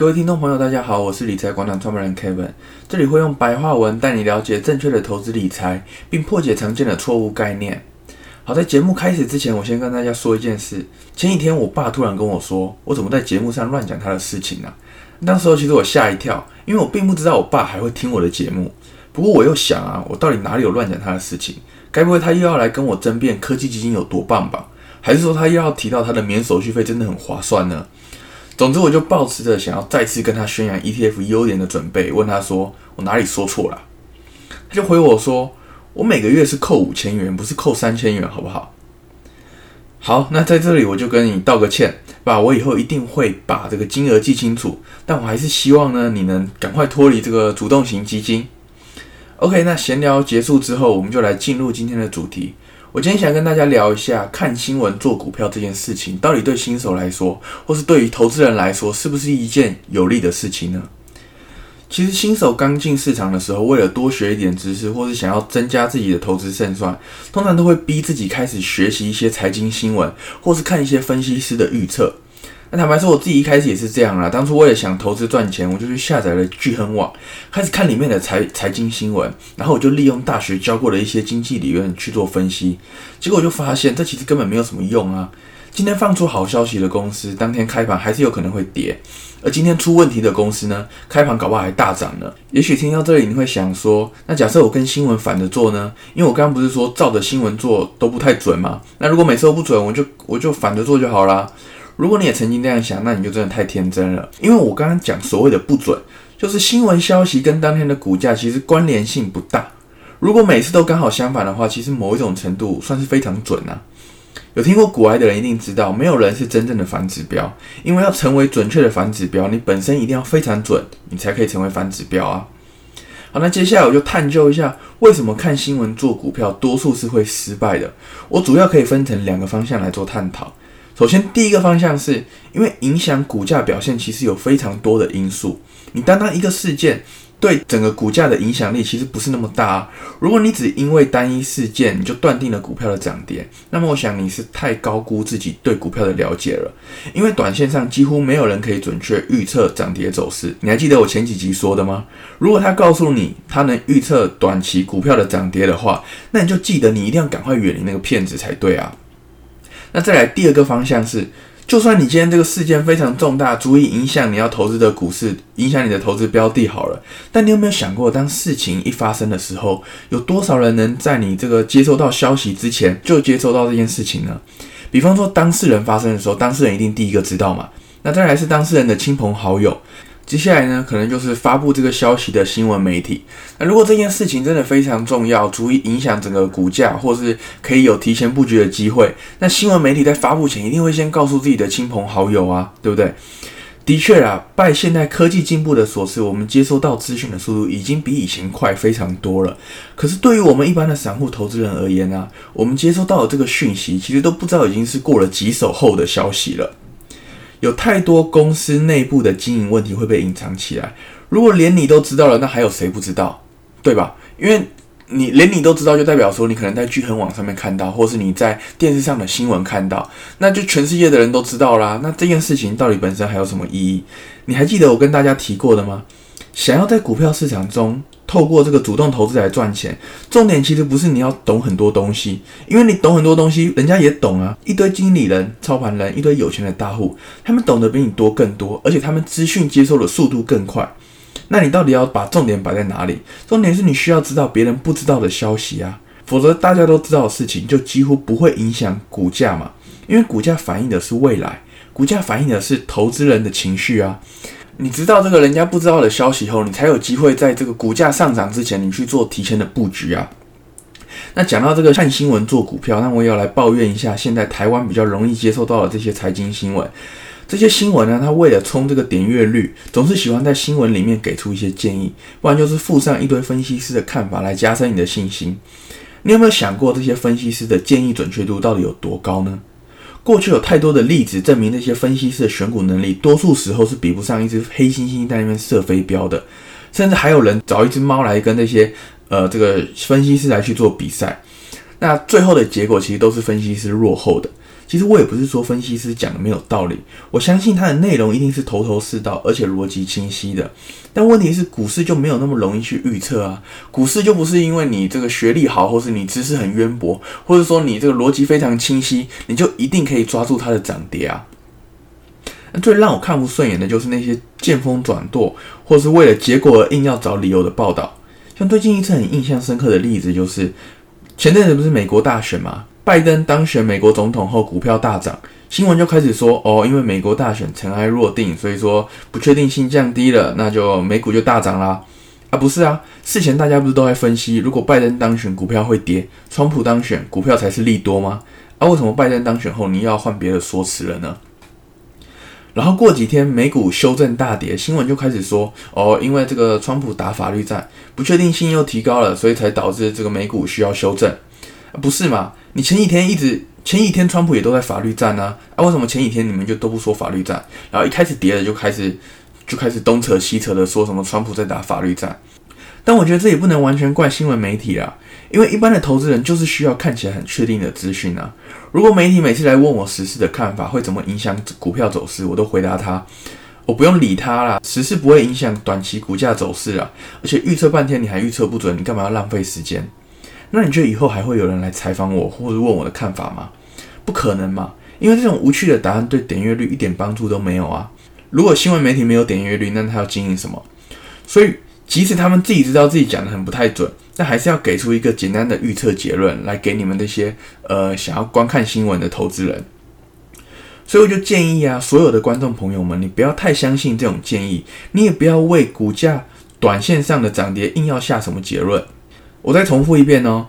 各位聽眾朋友，大家好，我是理財廣場創辦人 Kevin，這裡會用白話文帶你了解正確的投資理財，並破解常見的錯誤概念。好，在節目開始之前，我先跟大家說一件事。前幾天，我爸突然跟我說：“我怎麼在節目上亂講他的事情呢？”那時候，其實我嚇一跳，因為我並不知道我爸還會聽我的節目。不過，我又想啊，我到底哪裡有亂講他的事情？該不會他又要來跟我爭辯科技基金有多棒吧？還是說他又要提到他的免手續費真的很划算呢？總之，我就抱持着想要再次跟他宣揚 ETF 優點的準備，問他說：“我哪裡說錯了啊？”他就回我說：“我每個月是扣五千元，不是扣三千元，好不好？”好，那在這裡我就跟你道個歉吧，我以後一定會把這個金額記清楚。但我還是希望呢，你能趕快脫離這個主動型基金。OK，那閒聊結束之後，我們就來進入今天的主題。我今天想跟大家聊一下看新聞做股票這件事情，到底對新手來說，或是對於投資人來說，是不是一件有利的事情呢？其實新手剛進市場的時候，為了多學一點知識，或是想要增加自己的投資勝算，通常都會逼自己開始學習一些財經新聞，或是看一些分析師的預測。那坦白說，我自己一開始也是這樣啦。當初我也想投資賺錢，我就去下載了鉅亨網，開始看裡面的財財經新聞，然後我就利用大學教過的一些經濟理論去做分析。結果我就發現，這其實根本沒有什麼用啊！今天放出好消息的公司，當天開盤還是有可能會跌；而今天出問題的公司呢，開盤搞不好還大漲呢。也許聽到這裡，你會想說：那假設我跟新聞反着做呢？因為我剛剛不是說照着新聞做都不太準嘛。那如果每次都不準，我就我就反着做就好啦。如果你也曾經那樣想，那你就真的太天真了。因為我剛剛講所謂的不準，就是新聞消息跟當天的股價其實關聯性不大。如果每次都剛好相反的話，其實某一種程度算是非常準啊。有聽過股癌的人一定知道，沒有人是真正的反指標，因為要成為準確的反指標，你本身一定要非常準，你才可以成為反指標啊。好，那接下來我就探究一下，為什麼看新聞做股票多數是會失敗的。我主要可以分成兩個方向來做探討。首先，第一個方向是因為影響股價表現，其實有非常多的因素。你單單一個事件對整個股價的影響力其實不是那麼大啊。如果你只因為單一事件你就斷定了股票的漲跌，那麼我想你是太高估自己對股票的了解了。因為短線上幾乎沒有人可以準確預測漲跌走勢。你還記得我前幾集說的嗎？如果他告訴你他能預測短期股票的漲跌的話，那你就記得你一定要趕快遠離那個騙子才對啊。那再來第二個方向是，就算你今天這個事件非常重大，足以影響你要投資的股市，影響你的投資標的好了，但你有沒有想過，當事情一發生的時候，有多少人能在你這個接收到消息之前就接收到這件事情呢？比方說當事人發生的時候，當事人一定第一個知道嘛。那再來是當事人的親朋好友。接下來呢，可能就是發佈這個消息的新聞媒體。那如果這件事情真的非常重要，足以影響整個股價，或是可以有提前布局的機會，那新聞媒體在發佈前一定會先告訴自己的親朋好友啊，對不對？的確啊，拜現代科技進步的所賜，我們接收到資訊的速度已經比以前快非常多了。可是對於我們一般的散戶投資人而言呢、啊，我們接收到的這個訊息，其實都不知道已經是過了幾手後的消息了。有太多公司內部的經營問題會被隱藏起來。如果連你都知道了，那還有誰不知道？對吧？因為你連你都知道，就代表說你可能在鉅亨網上面看到，或是你在電視上的新聞看到，那就全世界的人都知道啦。那這件事情到底本身還有什麼意義？你還記得我跟大家提過的嗎？想要在股票市場中透過這個主動投資來賺錢，重點其實不是你要懂很多東西，因為你懂很多東西，人家也懂啊，一堆經理人、操盤人，一堆有錢的大戶，他們懂得比你多更多，而且他們資訊接收的速度更快。那你到底要把重點擺在哪裡？重點是你需要知道別人不知道的消息啊，否則大家都知道的事情就幾乎不會影響股價嘛，因為股價反映的是未來，股價反映的是投資人的情緒啊。你知道這個人家不知道的消息後，你才有機會在這個股價上漲之前，你去做提前的布局啊。那講到這個看新聞做股票，那我也要來抱怨一下，現在台灣比較容易接受到的這些財經新聞，這些新聞呢，它為了衝這個點閱率，總是喜歡在新聞裡面給出一些建議，不然就是附上一堆分析師的看法來加深你的信心。你有沒有想過這些分析師的建議準確度到底有多高呢？過去有太多的例子證明，那些分析師的選股能力，多數時候是比不上一隻黑猩猩在那邊射飛鏢的，甚至還有人找一隻貓來跟那些，呃，這個分析師來去做比賽，那最後的結果其實都是分析師落後的。其實我也不是說分析師講的沒有道理，我相信他的內容一定是頭頭是道，而且邏輯清晰的。但問題是股市就沒有那麼容易去預測啊，股市就不是因為你這個學歷好，或是你知識很淵博，或者說你這個邏輯非常清晰，你就一定可以抓住它的漲跌啊。最讓我看不順眼的就是那些見風轉舵，或是為了結果而硬要找理由的報道。像最近一次很印象深刻的例子就是，前陣子不是美國大選嗎？拜登當選美國總統後，股票大漲，新聞就開始說：“哦，因為美國大選塵埃落定，所以說不確定性降低了，那就美股就大漲啦。”啊，不是啊，事前大家不是都在分析，如果拜登當選，股票會跌；川普當選，股票才是利多嗎？啊，為什麼拜登當選後，你又要換別的說辭了呢？然後過幾天美股修正大跌，新聞就開始說：“哦，因為這個川普打法律戰，不確定性又提高了，所以才導致這個美股需要修正，啊，不是嗎？”你前幾天一直，前幾天川普也都在法律戰呢，啊，啊，為什麼前幾天你們就都不說法律戰？然後一開始跌了就開始，就開始東扯西扯的說什麼川普在打法律戰，但我覺得這也不能完全怪新聞媒體啊，因為一般的投資人就是需要看起來很確定的資訊啊。如果媒體每次來問我時事的看法會怎麼影響股票走勢，我都回答他，我不用理他啦，時事不會影響短期股價走勢啊，而且預測半天你還預測不準，你幹嘛要浪費時間？那你覺得以後還會有人來採訪我，或者問我的看法嗎？不可能嘛，因為這種無趣的答案對點閱率一點幫助都沒有啊。如果新聞媒體沒有點閱率，那他要經營什麼？所以即使他們自己知道自己講的很不太準，但還是要給出一個簡單的預測結論來給你們這些呃想要觀看新聞的投資人。所以我就建議啊，所有的觀眾朋友們，你不要太相信這種建議，你也不要為股價短線上的漲跌硬要下什麼結論。我再重複一遍哦，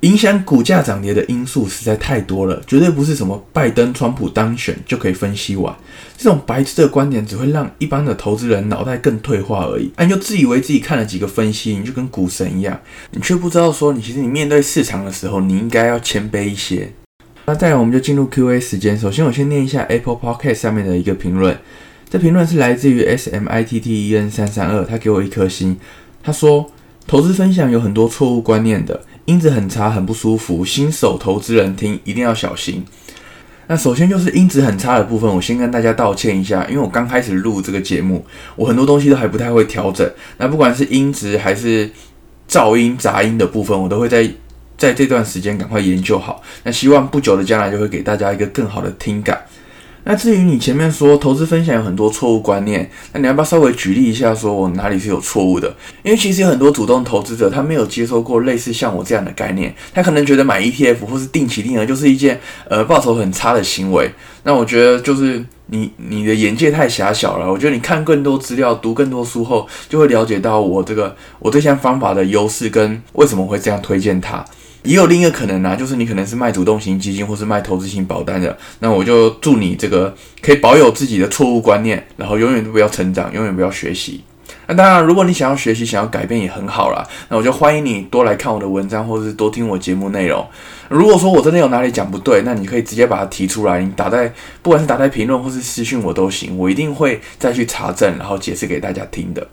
影響股價漲跌的因素實在太多了，絕對不是什麼拜登、川普當選就可以分析完。這種白痴的觀點只會讓一般的投資人腦袋更退化而已。啊，你就自以為自己看了幾個分析，你就跟股神一樣，你卻不知道說，你其實你面對市場的時候，你應該要謙卑一些。那再來，我們就進入 Q&A 時間。首先，我先念一下 Apple Podcast 上面的一個評論。這評論是來自於 Smitten 三三二，他給我一顆星，他說。投資分享有很多錯誤觀念的，音質很差，很不舒服，新手投資人聽一定要小心。那首先就是音質很差的部分，我先跟大家道歉一下，因為我剛開始錄這個節目，我很多東西都還不太會調整。那不管是音質還是噪音、雜音的部分，我都會在，在這段時間趕快研究好。那希望不久的將來就會給大家一個更好的聽感。那至於你前面說投資分享有很多錯誤觀念，那你要不要稍微舉例一下，說我哪裡是有錯誤的？因為其實有很多主動投資者他沒有接受過類似像我這樣的概念，他可能覺得買 ETF 或是定期定額就是一件呃報酬很差的行為。那我覺得就是你你的眼界太狹小了，我覺得你看更多資料、讀更多書後，就會了解到我這個我這項方法的優勢跟為什麼會這樣推薦它。也有另一個可能啊，就是你可能是賣主動型基金或是賣投資型保單的，那我就祝你這個可以保有自己的錯誤觀念，然後永遠都不要成長，永遠不要學習。那當然，如果你想要學習、想要改變也很好啦。那我就歡迎你多來看我的文章或是多聽我節目內容。如果說我真的有哪裡講不對，那你可以直接把它提出來，你打在不管是打在評論或是私訊我都行，我一定會再去查證然後解釋給大家聽的。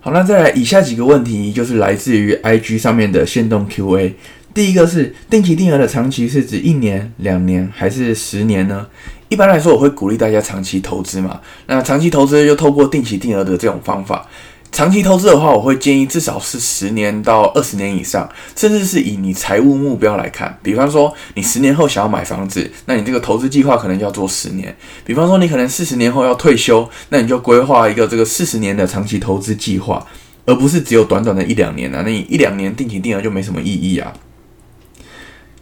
好，那再來以下幾個問題，就是來自於 IG 上面的限動 QA。第一個是定期定額的長期是指一年、兩年還是十年呢？一般來說，我會鼓勵大家長期投資嘛。那長期投資就透過定期定額的這種方法。長期投資的話，我會建議至少是十年到二十年以上，甚至是以你財務目標來看。比方說，你十年後想要買房子，那你這個投資計劃可能就要做十年。比方說，你可能四十年後要退休，那你就規劃一個這個四十年的長期投資計劃，而不是只有短短的一兩年啊。那你一兩年定期定額就沒什麼意義啊。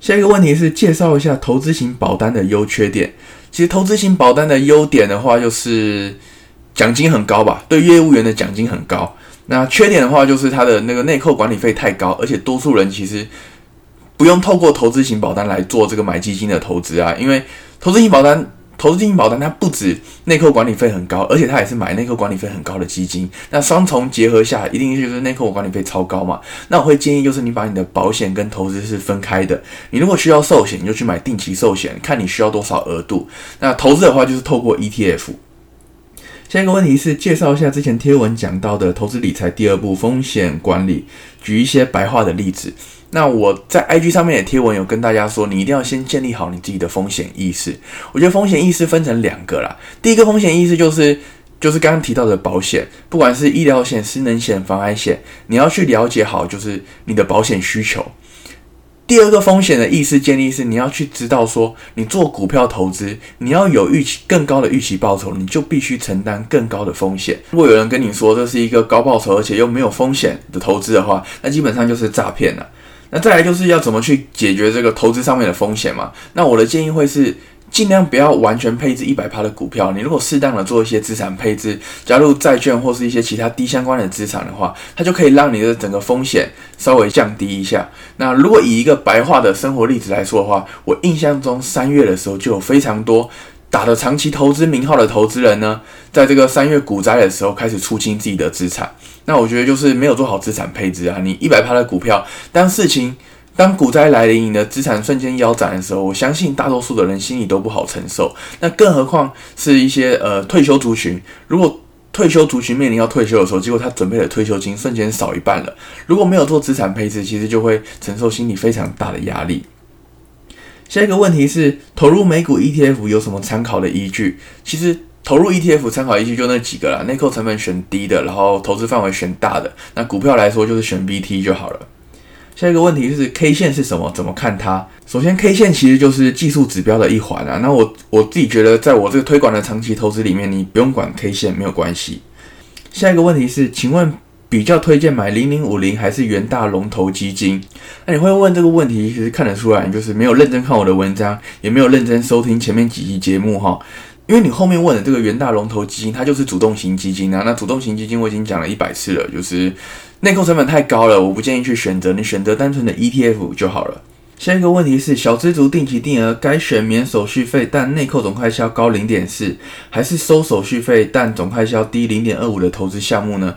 下一個問題是介紹一下投資型保單的優缺點。其實投資型保單的優點的話，就是獎金很高吧，對業務員的獎金很高。那缺點的話，就是它的那個內扣管理費太高，而且多數人其實不用透過投資型保單來做這個買基金的投資啊，因為投資型保單。投資基金保單，它不止內扣管理費很高，而且它也是買內扣管理費很高的基金。那雙重結合下，一定就是內扣管理費超高嘛？那我會建議，就是你把你的保險跟投資是分開的。你如果需要壽險，你就去買定期壽險，看你需要多少額度。那投資的話，就是透過 ETF。下一個問題是，介紹一下之前貼文講到的投資理財第二步風險管理，舉一些白話的例子。那我在 IG 上面也貼文有跟大家說，你一定要先建立好你自己的風險意識。我覺得風險意識分成兩個啦，第一個風險意識就是就是剛剛提到的保險，不管是醫療險、失能險、防癌險，你要去了解好就是你的保險需求。第二個風險的意識建立是你要去知道說，你做股票投資，你要有預期更高的預期報酬，你就必須承擔更高的風險。如果有人跟你說這是一個高報酬而且又沒有風險的投資的話，那基本上就是詐騙了。那再來就是要怎麼去解決這個投資上面的風險嘛？那我的建議會是盡量不要完全配置一百趴的股票。你如果適當的做一些資產配置，加入債券或是一些其他低相關的資產的話，它就可以讓你的整個風險稍微降低一下。那如果以一個白話的生活例子來說的話，我印象中三月的時候就有非常多。打着長期投資名號的投資人呢，在這個三月股災的時候開始出清自己的資產，那我覺得就是沒有做好資產配置啊。你一百趴的股票，當事情當股災來臨，你的資產瞬間腰斬的時候，我相信大多數的人心裡都不好承受。那更何況是一些呃退休族群，如果退休族群面臨要退休的時候，結果他準備的退休金瞬間少一半了，如果沒有做資產配置，其實就會承受心理非常大的壓力。下一個問題是，投入美股 ETF 有什麼參考的依據？其實投入 ETF 參考依據就那幾個啦。內扣成本選低的，然後投資範圍選大的。那股票來說就是選 BT 就好了。下一個問題是，K 線是什麼？怎麼看它？首先，K 線其實就是技術指標的一環啊。那我我自己覺得，在我這個推廣的長期投資裡面，你不用管 K 線，沒有關係。下一個問題是，請問。比較推薦買零零五零還是元大龍頭基金？那你會問這個問題，其實看得出來，你就是沒有認真看我的文章，也沒有認真收聽前面幾期節目哈。因為你後面問的這個元大龍頭基金，它就是主動型基金啊。那主動型基金我已經講了一百次了，就是內扣成本太高了，我不建議去選擇，你選擇單純的 ETF 就好了。下一個問題是，小資族定期定額該選免手續費但內扣總開銷高零點四，還是收手續費但總開銷低零點二五的投資項目呢？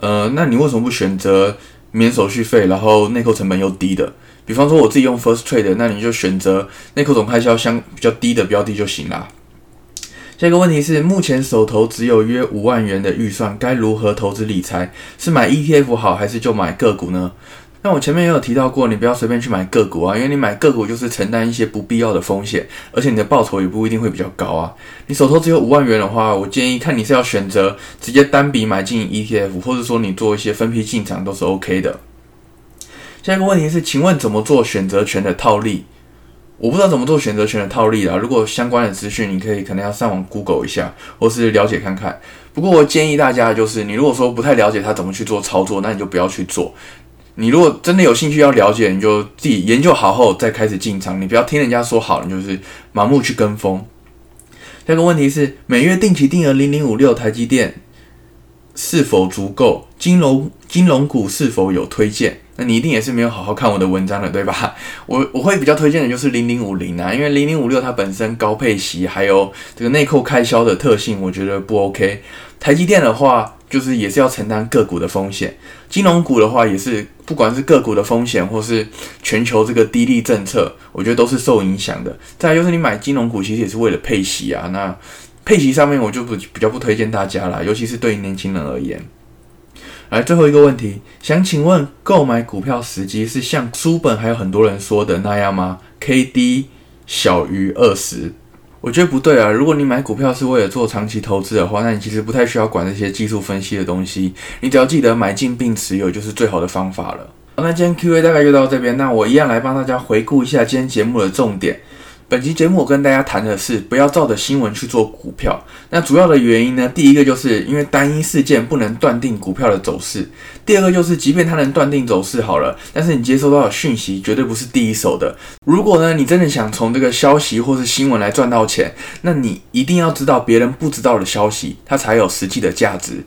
呃，那你為什麼不選擇免手續費，然後內扣成本又低的？比方說我自己用 First Trade，那你就選擇內扣總開銷相比較低的標的就行啦，啊。下一個問題是，目前手頭只有約五萬元的預算，該如何投資理財？是買 ETF 好，還是就買個股呢？那我前面也有提到過，你不要隨便去買個股啊，因為你買個股就是承擔一些不必要的風險，而且你的報酬也不一定會比較高啊。你手頭只有五萬元的話，我建議看你是要選擇直接單筆買進 ETF，或者說你做一些分批進場都是 OK 的。下一個問題是，請問怎麼做選擇權的套利？我不知道怎麼做選擇權的套利啊。如果相關的資訊，你可以可能要上網 Google 一下，或是了解看看。不過我建議大家就是，你如果說不太了解他怎麼去做操作，那你就不要去做。你如果真的有興趣要了解，你就自己研究好後再開始進場。你不要聽人家說好，你就是盲目去跟風。第二個問題是，每月定期定額零零五六台積電是否足夠？金融金融股是否有推薦？那你一定也是沒有好好看我的文章了，對吧？我我會比較推薦的就是零零五零啊，因為零零五六它本身高配息，還有這個內扣開銷的特性，我覺得不 OK。台積電的話，就是也是要承擔個股的風險，金融股的話也是，不管是個股的風險，或是全球這個低利政策，我覺得都是受影響的。再來就是你買金融股，其實也是為了配息啊。那配息上面，我就不比較不推薦大家啦，尤其是對於年輕人而言。來，最後一個問題，想請問，購買股票時機是像書本還有很多人說的那樣嗎？KD 小於二十。我覺得不對啊！如果你買股票是為了做長期投資的話，那你其實不太需要管那些技術分析的東西。你只要記得買進並持有就是最好的方法了。好，那今天 Q&A 大概就到這邊。那我一樣來幫大家回顧一下今天節目的重點。本期節目我跟大家談的是不要照着新聞去做股票。那主要的原因呢，第一個就是因為單一事件不能斷定股票的走勢；第二個就是，即便它能斷定走勢好了，但是你接收到的訊息絕對不是第一手的。如果呢，你真的想從這個消息或是新聞來賺到錢，那你一定要知道別人不知道的消息，它才有實際的價值。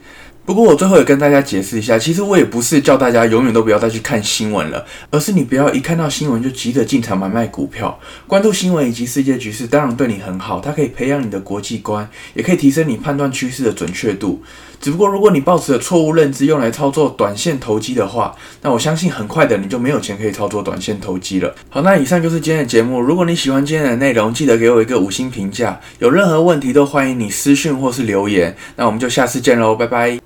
不過我最後也跟大家解釋一下，其實我也不是叫大家永遠都不要再去看新聞了，而是你不要一看到新聞就急着進場買賣股票。關注新聞以及世界局勢當然對你很好，它可以培養你的國際觀，也可以提升你判斷趨勢的準確度。只不過如果你抱持了錯誤認知用來操作短線投機的話，那我相信很快的你就沒有錢可以操作短線投機了。好，那以上就是今天的節目。如果你喜歡今天的內容，記得給我一個五星評價。有任何問題都歡迎你私訊或是留言。那我們就下次見嘍，拜拜。